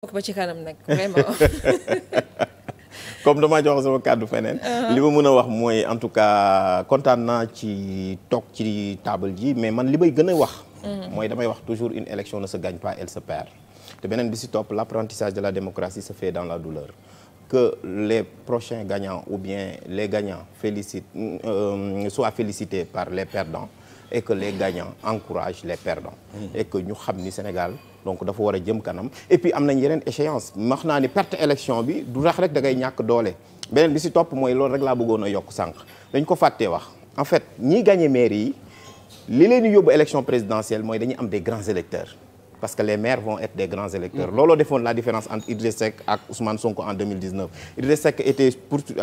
bokk ci kanam nag comme damaa jox sama kàddu feneen. Uh-huh. li ma mën a wax mooy en tout cas kontaan naa ci toog ci table ji mais man li may gën a wax. Uh-huh. mooy damay wax toujours une élection ne sa gagne pas elle se perd. te beneen bi si topp l'apprentissage de la démocratie se fait dans la douleur que les prochains gagnants ou bien les gagnants félicitent euh, soient félicités par les perdants et que les gagnants encouragent les perdants. Mmh. et que ñu xam ni Sénégal. donc dafa war a jëm kanam et puis am nañ yeneen échéance wax naa ni perte élection bi du rax rek dangay ñàkk doole beneen bi si topp mooy loolu rek laa bëggoon a yokk sànq dañ ko fàttee wax en fait ñiy gagné maire yi li leen di yóbbu élection présidentielle mooy dañuy am des grands électeurs parce que les maires vont être des grands électeurs. looloo defoon la différence entre Idriss ak Ousmane Sonko en 2019 Idriss Seck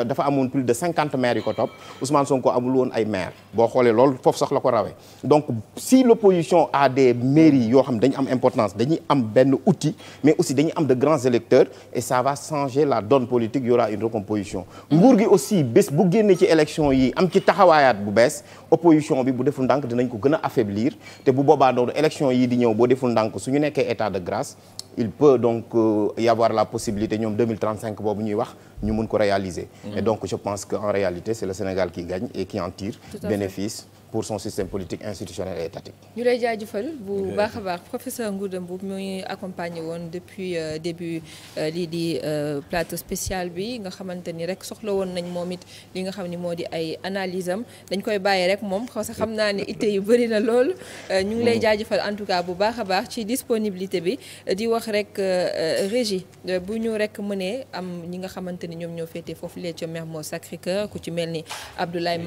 dafa amoon plus de maires yu ko topp Ousmane Sonko amul woon ay maires boo xoolee loolu foofu sax ko rawee donc si l'opposition a des mairies yoo xam dañ am importance dañuy am benn outil mais aussi dañuy am de grands électeurs et ça va changer la donne politique il y aura une recomposition. nguur gi aussi bés bu génnee ci élection yi am ci taxawaayaat bu bees opposition bi bu deful ndànk dinañ ko gën a affaiblir te bu boobaa noonu élection yi di ñëw boo deful ndànk su ñu nekkee état de grâce il peut donc euh, y avoir la possibilité ñoom boobu ñuy wax ñu ko réaliser. Mm-hmm. donc je pense que en réalité Sénégal qui gagne et qui en bénéfice. pour son système politique institutionnel et ñu lay jaajëfal bu baax a baax professeur Ngouda Mboup muy accompagné woon depuis euh, début euh, lii di euh, plateau spécial bi nga xamante ni rek soxla woon nañ moom it li nga xam ni moo di ay analyse am dañ koy bàyyi rek moom parce que xam naa ni itte yu bëri na lool. ñu ngi lay jaajëfal en tout cas bu baax a baax ci disponibilité bi di wax rek régie bu ñu rek mënee am ñi nga xamante ni ñoom ñoo féetee foofu lee ca Mermoz sacré ku ci mel ni Abdoulaye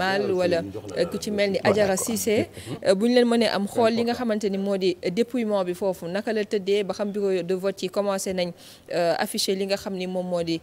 jara Cissé mhm. euh, bu leen leen mënee am xool li nga xamante ni moo di euh, dépouillement bi foofu naka la tëddee ba xam bureau de vote yi commencé nañ euh, afficher li nga xam ni moom moo di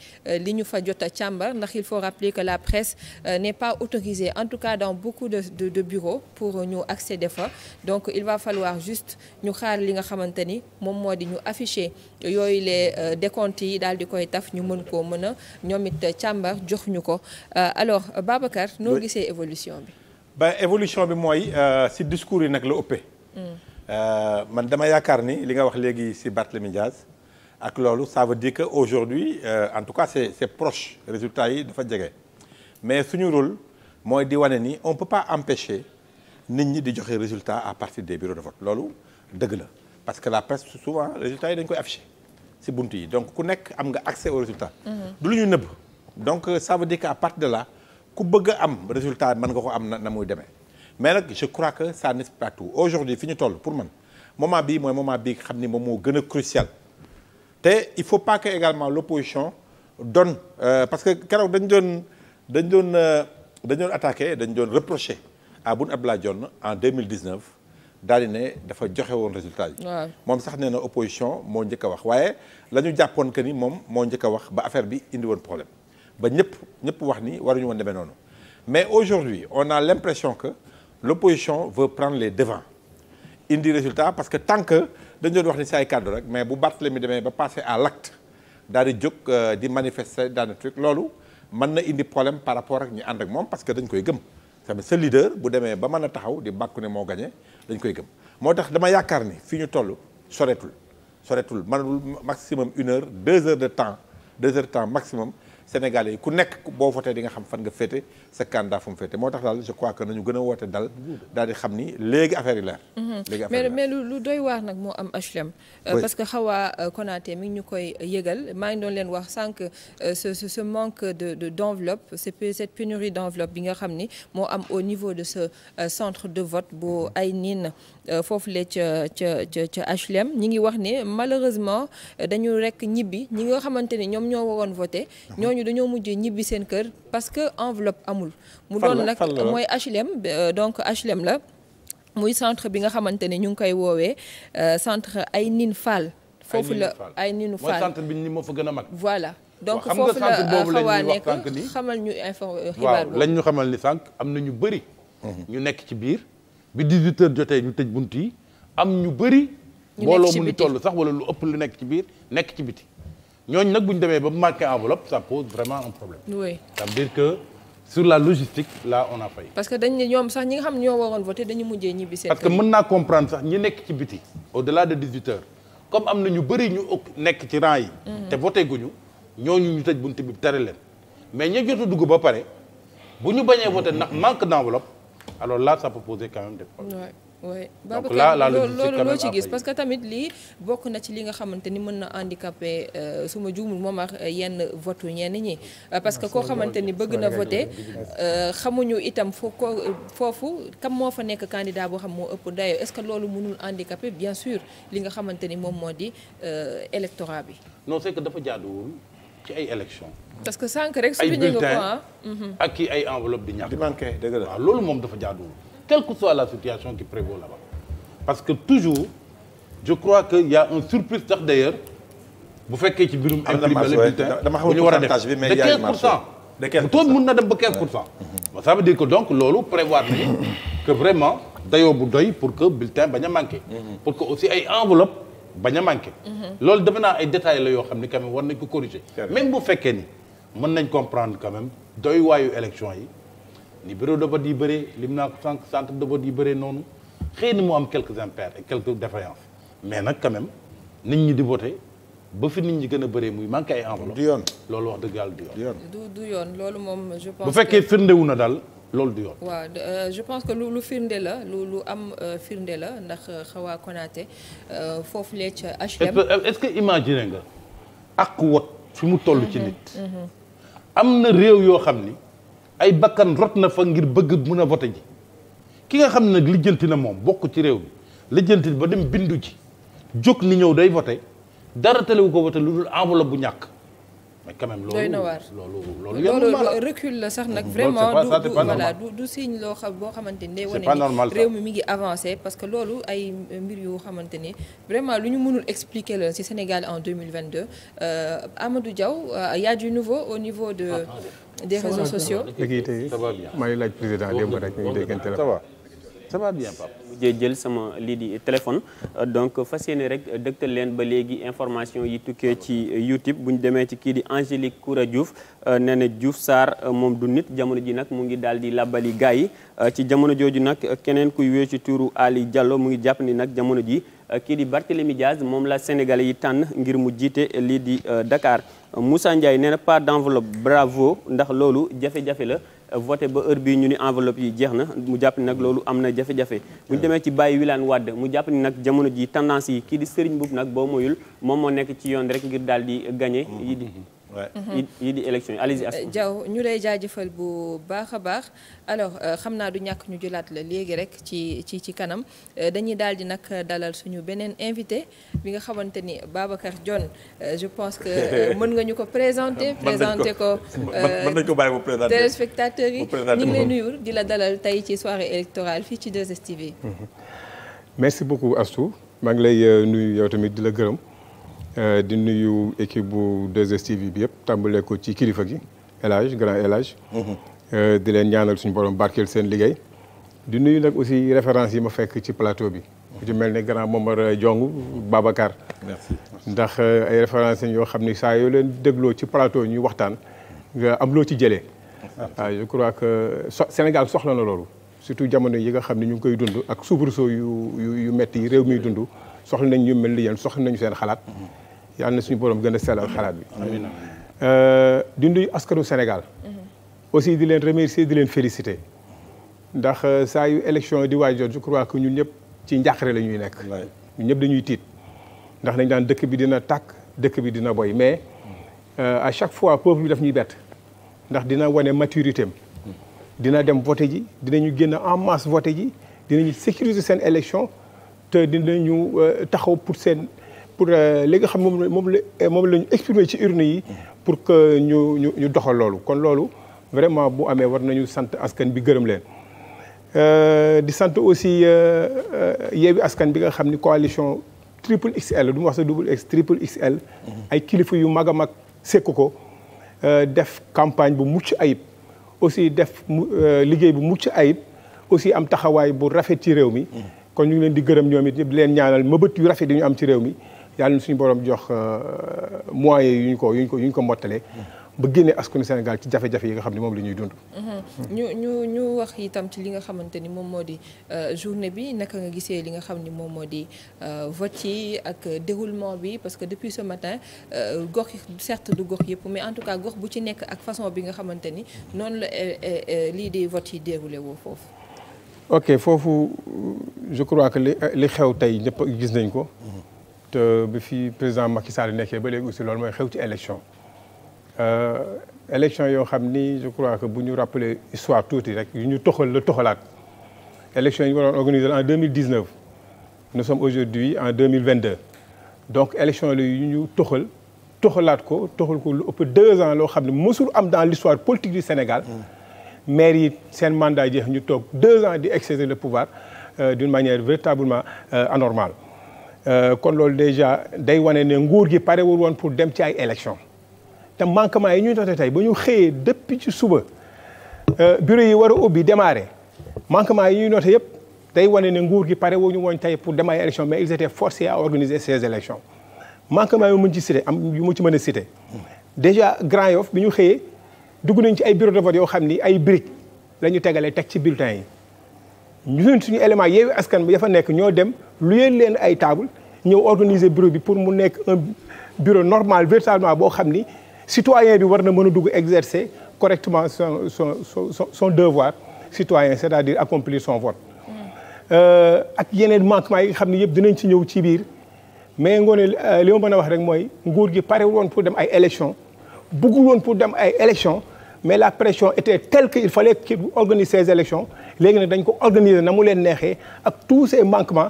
li ñu fa jot a càmbar ndax il faut rappeler que la presse n'est pas autorisée en tout cas dans beaucoup de de, de bureaux pour ñu accéder fa donc il va falloir juste ñu xaar li nga xamante ni moom moo di ñu affiché yooyu les décomptes yi daal di koy taf ñu mën koo mën a ñoom it càmbar jox ñu ko alors Babacar noo évolution bi ba évolution bi mooy euh, si discours yi nag la ëppee. Mm. Euh, man dama yaakaar ni li nga wax léegi si Barthélémy Diaz ak loolu ça veut dire que aujourd'hui euh, en tout cas c'est c'est proche résultat yi dafa jege mais suñu rôle mooy di wane ni on peut pas empêcher nit ñi di joxe résultat à partir des bureaux de vote loolu dëgg la parce que la presse souvent résultat yi dañ koy affiché si bunt yi donc ku nekk am nga accès au résultat mm-hmm. du lu ñu nëbb donc ça veut dire que à partir de là ku bëgg a am résultat mën nga ko am na na muy demee mais nag je crois que ça n'est pas tout aujourd'hui fi ñu toll pour man moment bii mooy moment bii xam ni moom moo gën a crucial te il faut pas que également l'opposition donne euh, parce que keroog dañ doon dañ doon euh, dañ doon attaqué dañ doon reproché à Boun Abdallah Dionne en 2019 di ne dafa joxe woon résultat yi moom sax nee na opposition moo njëkk a wax waaye la ñu jàppoon que ni moom moo njëkk a wax ba affaire bi indiwoon problème ba ñëpp ñëpp wax ni waruñu woon demee noonu mais aujourd'hui on a l'impression que l'opposition veut prendre les devants indi résultat parce que tant que dañ doon wax ni si kàddu rek mais bu Barthélemy demee ba passer à l'acte daal di jóg euh, di manifester daal di truc loolu mën na indi problème par rapport ak ñu ànd ak moom parce que dañ koy gëm tamit sa leader bu demee ba mën a taxaw di bàkku ne moo gagné dañ koy gëm moo tax dama yaakaar ni fi ñu toll soreetul soreetul mënul maximum une heure deux heures de temps deux heures de temps maximum Sénégalais yi ku nekk boo voté di nga xam fan nga féete sa candidat fu mu féete moo tax daal je crois que nañu gën a woote dal daal di xam ni léegi affaire yi leer. Mm-hmm. léegi mais lu doy waar nag moo am HLM. Euh, parce que Hawa euh, Konaté mi ñu koy yëgal maa ngi doon leen wax sànq euh, ce ce manque de de d' enveloppe cette pénurie d' enveloppe bi nga xam ni moo am au niveau de ce centre de vote bu ay niin Euh, foofu la ca ca ca ca HLM ñi ngi wax ne malheureusement euh, dañu rekk ñibbi ñi nga xamante ne ñoom ñoo waroon voté mhm. ñooñu dañoo mujjee ñibbi seen kër parce que enveloppe amul mu doon nag mooy HLM euh, donc HLM la muy centre bi nga xamante ne ñu ngi koy woowee centre Aïnine Fall foofu la Aïnine Fall mooy centre bi ni moo fa gën a mag voilà donc foofu la xawaa nekk xamal ñu info xibaar boobu lañ ñu xamal ni sànq am na ñu bëri mhm. ñu nekk ci biir bi 18 heures jotee ñu tëj bunt yi am ñu bëri. mbooloo mu ni toll sax wala lu ëpp lu nekk ci biir nekk ci biti. ñooñu nag bu ñu demee ba manqué enveloppe ça pose vraiment un problème. oui ça veut que sur la logistique là on a parce que dañ ne ñoom sax ñi nga xam ñoo waroon voté dañu mujjee ñibbi seen. parce que mën naa comprendre sax ñi nekk ci biti. au delà de 18 heures comme am na ñu bari ñu nekk ci ran yi. Mhm. te voté guñu ñooñu ñu tëj bunt bi tere leen mais ñu jot a ba pare bu ñu bañee voté ndax manque d' enveloppe. alors là ça peut poser quand même des problèmes. Ouais. oui Babacar loolu loo ci ah gis parce que tamit lii bokk na ci li nga xamante ni mën na handicapé euh, su ma juumul moom ak yenn vote ñenn ñi euh, parce que koo xamante ni bëgg na voté euh, xamuñu itam foo ko foofu kam moo fa nekk candidat boo xam moo ëpp dayo est-ce que loolu mënul handicapé bien sûr li nga xamante ni moom moo di électorat bi non c'est que dafa jaaduwul ci ay élections. parce que sànq rek suñu njëkk a ak ki ay enveloppe di ñàkk. di manqué dëgg la waaw loolu moom dafa jaaduwul. quelle que soit la situation qui prévaut là-bas. parce que toujours je crois que y' a un surplus sax d' bu fekkee ci mbirum. am na marge dama xamul pourcentage bi a une marge de 15 pour cent mun na dem ba 15 pour cent. ça veut dire que donc loolu prévoir nañu que vraiment dayoo bu doy pour que bulletin bañ a manqué. Mm-hmm. pour que aussi ay enveloppe bañ a mhm. loolu defe naa ay détails la yoo xam ne quand même war nañ ko corriger. même bu fekkee ni mën nañ comprendre quand même doy waayu élection yi ni bureau de vote yi bëree lim naa ko sànq centre de yi bëree noonu xëy na mu am quelques impairs et quelques défaillances mais nag quand même nit ñi di voté. ba fi nit ñi gën a bëree muy manqué ay enveloppe. du yoon loolu wax dëgg yàlla du yoon. du yoon loolu moom bu fekkee firndewu na daal. loolu du yoon. waaw euh, je pense que lu lu firnde la lu lu am euh, firnde la ndax Hawa euh, Konaté foofu lee ca HLM. est-ce que imaginer nga ak wot fi mu toll ci nit. Mhm, mhm. am na réew yoo xam ni ay bakkan rot na fa ngir bëgg mun a vote ji ki nga xam ne nag lijjanti na moom bokk ci réew mi lijjanti ba dem bindu ji jóg ni ñëw day vote dara talewu ko vote lu dul enveloppe bu ñàkk. mais quand même loolu loolu loolu loolu recul la sax nag vraiment du voilà du loo xam boo xamante ni day wane ni réew mi mi ngi avancé parce que loolu ay mbir yu xamante ni vraiment lu ñu mënul expliquer la ci Sénégal en 2022 euh, Amadou Diaw euh, y a du niveau au niveau de ah, ah. des réseaux sociaux. maa ngi laaj président démb rek ñu déggante la ça va bien jël sama lii di téléphone euh, donc fas yéene rek dëgtal leen ba léegi information yi tukkee ci YouTube bu ñu demee ci kii di Angélique Koura Diouf euh, nee na Diouf Sarr euh, moom du nit jamono ji nag mu ngi daal di làbbali gars yi ci jamono jooju nag keneen kuy wéy ci tuuru Ali Diallo mu ngi jàpp ni nag jamono ji kii di Barthélémy Diaz moom la sénégal yi tànn ngir mu jiite lii di Dakar Moussa Ndiaye nee na pas d'enveloppe bravo ndax loolu jafe-jafe la voté ba heure bii ñu ni enveloppe yi jeex na mu jàpp ni nag loolu am na jafe-jafe bu ñu demee ci bàyyi wilaan wadd mu jàpp ni nag jamono ji tendance yi kii di sëriñ boobu nag boo moyul moom moo nekk ci yoon rek ngir daal di gagné mm-hmm. yi di Mhm. yi di élection yi allez-y Diaw ñu lay jaajëfal bu baax a baax alors euh, xam naa du ñàkk ñu jëlaat la léegi rek ci ci ci kanam euh, dañuy daal di nag dalal suñu beneen invité bi nga xamante ni Babacar Dione euh, je pense que mën nga ñu ko présenter présenter ko mën nañu ko bàyyi yi ñu ngi lay di la dalal tey ci soirée électorale fii ci 2STV mhm. merci beaucoup Astou maa ngi lay nuyu yow tamit di la gërëm Euh, di nuyu équipe bu 2STV bi yëpp tàmbale ko ci kilifa gi élage Hadj grand El Hadj euh, di leen ñaanal suñu borom barkeel seen liggéey di nuyu nag aussi référence yi ma fekk ci plateau bi ku ci mel ne grand Momar jong Babacar ndax euh, ay référence yoo xam ni saa yoo leen dégloo ci plateau ñuy waxtaan am loo ci jëlee waaw ah, je crois que so Sénégal soxla na loolu surtout jamono yi nga xam ne ñu ngi koy dund ak soubresaut yu yu metti yi réew miy dund soxla nañ ñu mel ni yéen soxla nañu seen xalaat mm-hmm. yàlla na suñu borom gën a sellal xalaat bi. amiin euh, di nuyu askanu Sénégal. Mhm. aussi di leen remercier di leen félicité ndax euh, saa yu élection di waaj jot je crois que ñun ñëpp ci njàqare la ñuy nekk. ñun ñëpp dañuy tiit. ndax dañ daan dëkk bi dina takk dëkk bi dina boy mais a euh, chaque fois peuple bi daf ñuy bett ndax dina wone maturité am dina dem voté ji dinañu génn en masse voté ji dinañu sécuriser seen élection te dinañu taxaw pour seen. pour euh, li nga xam moom moom la euh, moom la ñu exprimer ci urne yi pour que ñu ñu ñu doxal loolu kon loolu vraiment bu amee war nañu sant askan bi gërëm leen euh, di sant aussi Yewwi Askan bi nga xam ni coalition triple XL du ma wax sa double X triple XL ay kilifa yu mag a mag sekk ko def campagne bu mucc ayib aussi def liggéey bu mucc ayib aussi am taxawaay bu rafet ci réew mi mm. kon ñu ngi leen di gërëm ñoom it ñëpp di leen ñaanal mëbët yu rafet yu ñu am ci réew mi yàlla na suñu boroom jox euh, moyens yu ñu ko yu ko yu ko mottalee. ba génne askanu Sénégal ci jafe-jafe yi nga xam ne moom la ñuy dund. Mm-hmm. ñu ñu ñu wax itam ci li nga xamante ni moom moo di euh, journée bi naka nga gisee li nga xam ni moom moo di euh, vote yi ak déroulement bi parce que depuis ce matin gox yi certes du gox yëpp mais en tout cas gox bu ci nekk ak façon bi nga xamante ni noonu la lii di vote yi déroulé woo foofu. ok foofu je crois que li xew tey ñëpp gis nañ ko. Mm-hmm. te bi fi président Macky Sall nekkee ba léegi aussi loolu mooy xew ci élection euh, élection yoo xam ni je crois que bu ñu rappeler histoire tuuti rek yu ñu toxol la toxalaat élection yi ñu waroon organiser en 2019 nous sommes aujourd'hui en 2022 donc élection la yu ñu toxal toxalaat ko toxal ko lu ëpp deux ans loo xam ne mësul am dans l'histoire politique du Sénégal mm. maire yi seen mandat jeex ñu toog deux ans di exercer le pouvoir euh, d'une manière véritablement euh, anormale Euh, kon loolu déjà day wane ne nguur gi parewul woon pour dem ci ay élections te manquement yi ñuy noté tey ba ñu xëyee dëpp ci suba euh, bureau yi war a ubbi démarré manquement yi ñuy noté yëpp day wane ne nguur gi pare wu ñu woon tey pour dem ay élections mais ils étaient forcés à organiser ces élections manquement yu mu ci cité am yu mu ci mën a cité déjà Grand Yoff bi ñu xëyee dugg nañ ci ay bureau de vote yoo xam ni ay briques la ñu tegalee teg ci bulletin yi. ñun suñu élément Yewwi Askan Wi fa nekk ñoo dem lu luyeel leen ay table ñëw organiser bureau bi pour mu nekk un bureau normal véritablement boo xam ni citoyen bi war na mën a dugg exercer correctement son son son son devoir citoyen c'est-à-dire accomplir son vote. Euh, ak yeneen manquement yi xam ne yëpp dinañ ci ñëw ci biir mais ngoone euh, li ma mën a wax rek mooy nguur gi pare woon pour dem ay élection bëggul woon pour dem ay élection mais la pression était telle qu'il fallait qu'il organise ces élections léegi nag dañ ko organiser na mu leen neexee ak tous ces manquements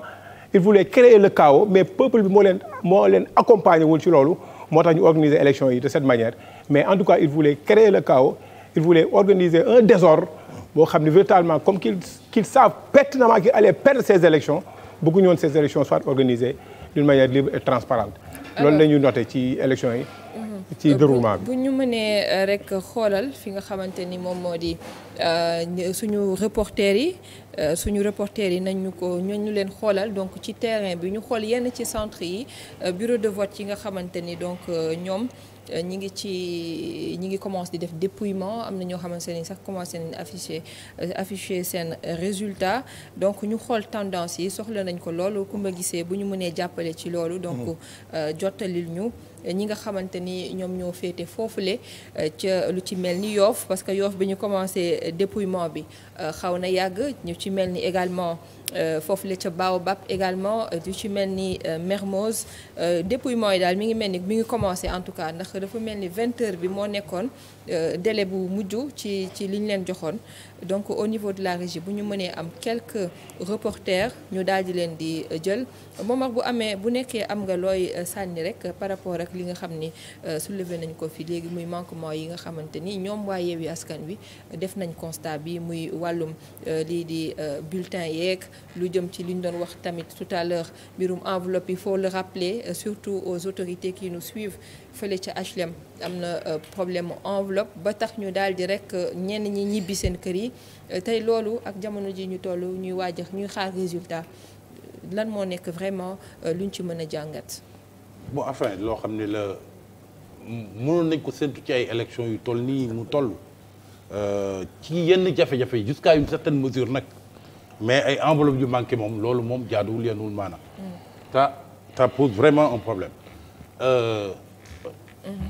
il voulait créer le chaos mais peuple bi moo leen moo leen accompagner wul ci loolu moo tax ñu organiser élection yi de cette manière mais en tout cas il voulait créer le chaos il voulait organiser un désordre boo xam ne véritablement comme qu'ils qu'ils savent pertinemment qu'ils allaient perdre ces élections bëgguñu woon ces élections soient organisées d'une la ñu noté ci élections yi ci bu ñu mënee euh, rek xoolal fi nga xamante ni moom moo di euh, suñu reporter yi euh, suñu reporter yi nañ ñu ko ñu leen xoolal donc ci terrain bi ñu xool yenn ci centre yi bureau de vote yi nga xamante ni donc ñoom. ñi ngi ci ñi ngi commencé di def dépouillement am na ñoo xamante ne sax commencé nañ afficher afficher seen résultat donc ñu xool tendance yi soxla nañ ko loolu kumba gisee bu ñu mënee jàppale ci loolu donc mmh. euh, jottalil ñu ñi nga xamante ni ñoom ñoo féete foofu le euh, ca lu ci mel ni yoof parce que yoof bi ñu commencé dépouillement bi euh, xaw na yàgg ñu ci mel ni également Euh, foofu la ca Baobab également euh, du ci mel ni euh, Mermoz dépouillement yi daal mi ngi mel ni mi ngi commencé en tout cas ndax dafa mel ni vingt heures bi moo nekkoon délai bu mujj ci ci li ñu leen joxoon donc au niveau de la régie bu ñu mënee am quelque reporters ñu daal di leen di jël moom bu amee bu nekkee am nga looy sànni rek par rapport ak li nga xam ni soulevé nañ ko fi léegi muy manque manquement yi nga xamante ni ñoom waa Yewwi Askan Wi def nañ constat bi muy wàllum lii di bulletin yeeg lu jëm ci li ñu doon wax tamit tout à l'heure mbirum enveloppe il faut le rappeler euh, surtout aux autorités qui nous suivent fële ca HLM am na euh, problème enveloppe ba tax ñu daal di rek euh, ñenn ñi ñibbi seen kër yi tey loolu ak jamono ji ñu toll ñuy waajax ñuy xaar résultat lan moo nekk vraiment luñ ci mën a jàngat. bon enfin loo xam ne la mënoon nañ ko séntu ci ay élections yu toll nii mu toll ci yenn jafe-jafe yi jusqu'à une certaine mesure nag. mais ay enveloppe yu manqué moom loolu moom jaaduwul yenuwul maanaam. ta mm. ta vraiment un problème. Euh... Mmh.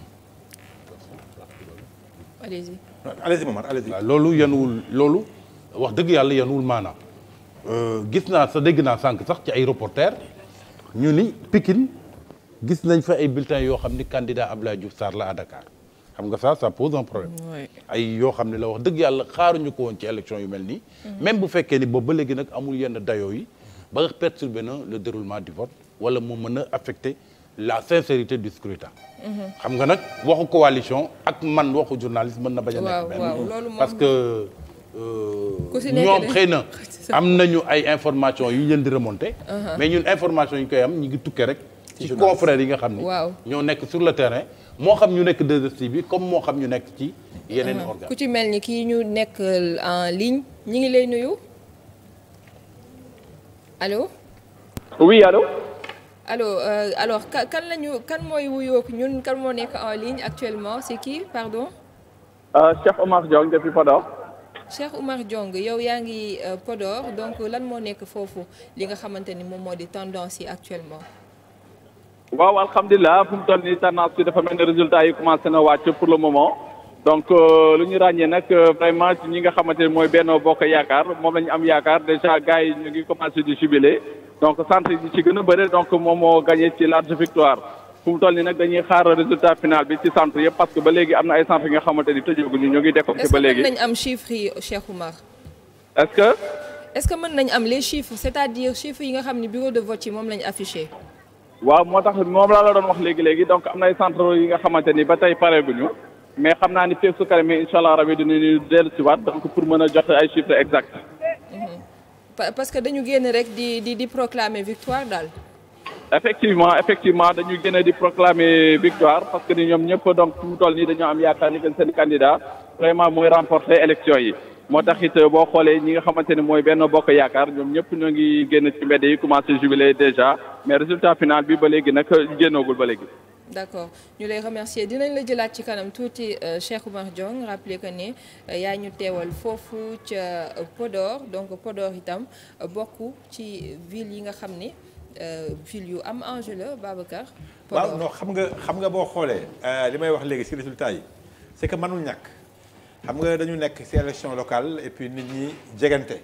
allez-y. allez-y loolu yenuwul loolu wax dëgg yàlla yenuwul maanaam euh, gis naa sa dégg naa sànq sax ci ay reporter ñu ni Pikine gis nañ fa ay bulletins yoo xam ni candidat Abdoulaye Diouf Sarr la à Dakar. xam nga ça ça pose un problème. ay yoo xam ne la wax dëgg yàlla xaaruñu ko woon ci élection yu mel nii. Mhm. même bu fekkee ni boobu ba léegi nag amul yenn dayoo yi. ba nga perturbé na le déroulement du vote wala mu mën a affecté la sincérité du mhm. xam nga nag waxu coalition ak man waxu journaliste mën na bañ a nekk benn parce que. Euh, ñoom xëy na am nañu ay information yu leen di remonté uh-huh. mais ñun information yi ñu koy am ñu ngi tukkee rek ci confrères yi nga xam ni ñoo nekk sur le terrain moo xam ñu nekk 2STV bi comme moo xam ñu nekk ci yeneen organes ku ci mel ni kii ñu nekk euh, en ligne ñi ngi lay nuyu allo oui allo allo euh, alors kan lañu kan mooy wuyook ñun kan moo nekk en ligne actuellement c'est qui pardon euh, Cheikh Omar Diong depuis Podor Cheikh Omar Diong yow yaa ngi euh, Podor donc lan moo nekk foofu li nga xamante ni moom moo di tendance yi actuellement waaw alhamdulilah fu mu toll nii tendance dafa mel ni résultat yi commencé na wàcc pour le moment donc euh, lu ñu ràññee nag euh, vraiment ñi nga xamante ne mooy Benno Bokk Yaakaar moom la ñu am yaakaar déjà gars yi ñu ngi commencé di jubilé donc centre yi ci gën a bëre donc moom moo gagné ci large victoire fu mu toll nii nag dañuy xaar résultat final bi ci centre yëpp parce que ba léegi am na ay centre yi nga xamante ni tëjooguñu ñu ngi décompté ba léegi. est-ce que mën nañ am chiffres yi Cheikh nañ am les chiffres yi nga xam ne bureau de vote yi moom lañ affiché. waaw moo tax moom laa la doon wax léegi léegi donc am na ay centre yi nga xamante ni ba tey pareeguñu mais xam naa ni feeg su kanam incha allah rabi dinañu dellu si waat donc pour mën a jot ay chiffres exacts. Mm-hmm. parce que dañu génn rek di di di proclamer victoire daal. effectivement effectivement dañu génn di proclamer victoire parce que ni ñoom ñëpp donc fu mu toll nii dañoo am yaakaar ni que seen candidat vraiment mooy remporter élection yi. moo tax it euh, boo xoolee ñi nga xamante ne mooy benn bokk yaakaar ñoom ñëpp ñoo ngi génn ci mbedd yi commencé jubilé déjà mais résultat final bi ba léegi nag génnoogul ba léegi. d' accord ñu lay remercier dinañ la jëlaat ci kanam tuuti euh, Cheikh Oumar Diong rappelé que ni euh, yaa ñu teewal foofu ca Podor donc Podor itam bokk ci ville yi nga xam ne ville yu am enjeu la Babacar. Podor waaw xam nga xam nga boo xoolee li may wax léegi si résultat yi c' est que mënul ñàkk. xam nga dañu nekk ci élection local et puis nit ñi jegante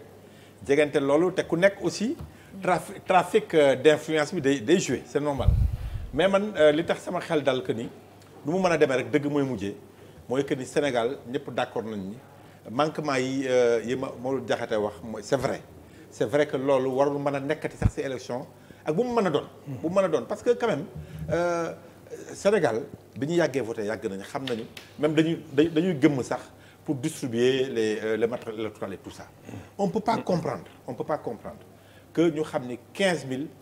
jegante loolu te ku nekk aussi trafic trafic euh, d'influence bi day day joué c'est normal mais man euh, li tax sama xel dal que ni nu mu mën a demee rek dëgg mooy mujjee mooy que ni Sénégal ñëpp d'accord nañ ni manquement yi euh, yi ma Maodo Diakhaté wax mooy c'est vrai c'est vrai que loolu warul mën a nekkati sax ci élection ak bu mu mën a doon. Hmm. bu mu mën a doon parce que quand même Sénégal bi ñu yàggee voté yàgg nañu xam nañu même dañuy dañuy gëmm sax. pour distribuer les euh, le matériel électoral et tout ça. Mm. on peut pas comprendre on peut pas comprendre que ñu xam ni 15000